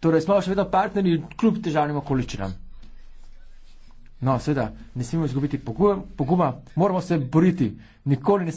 Torej, smo še vedno partnerji, kljub težavnim okoliščinam. No, seveda, ne smemo izgubiti poguma, moramo se boriti, nikoli ne smemo.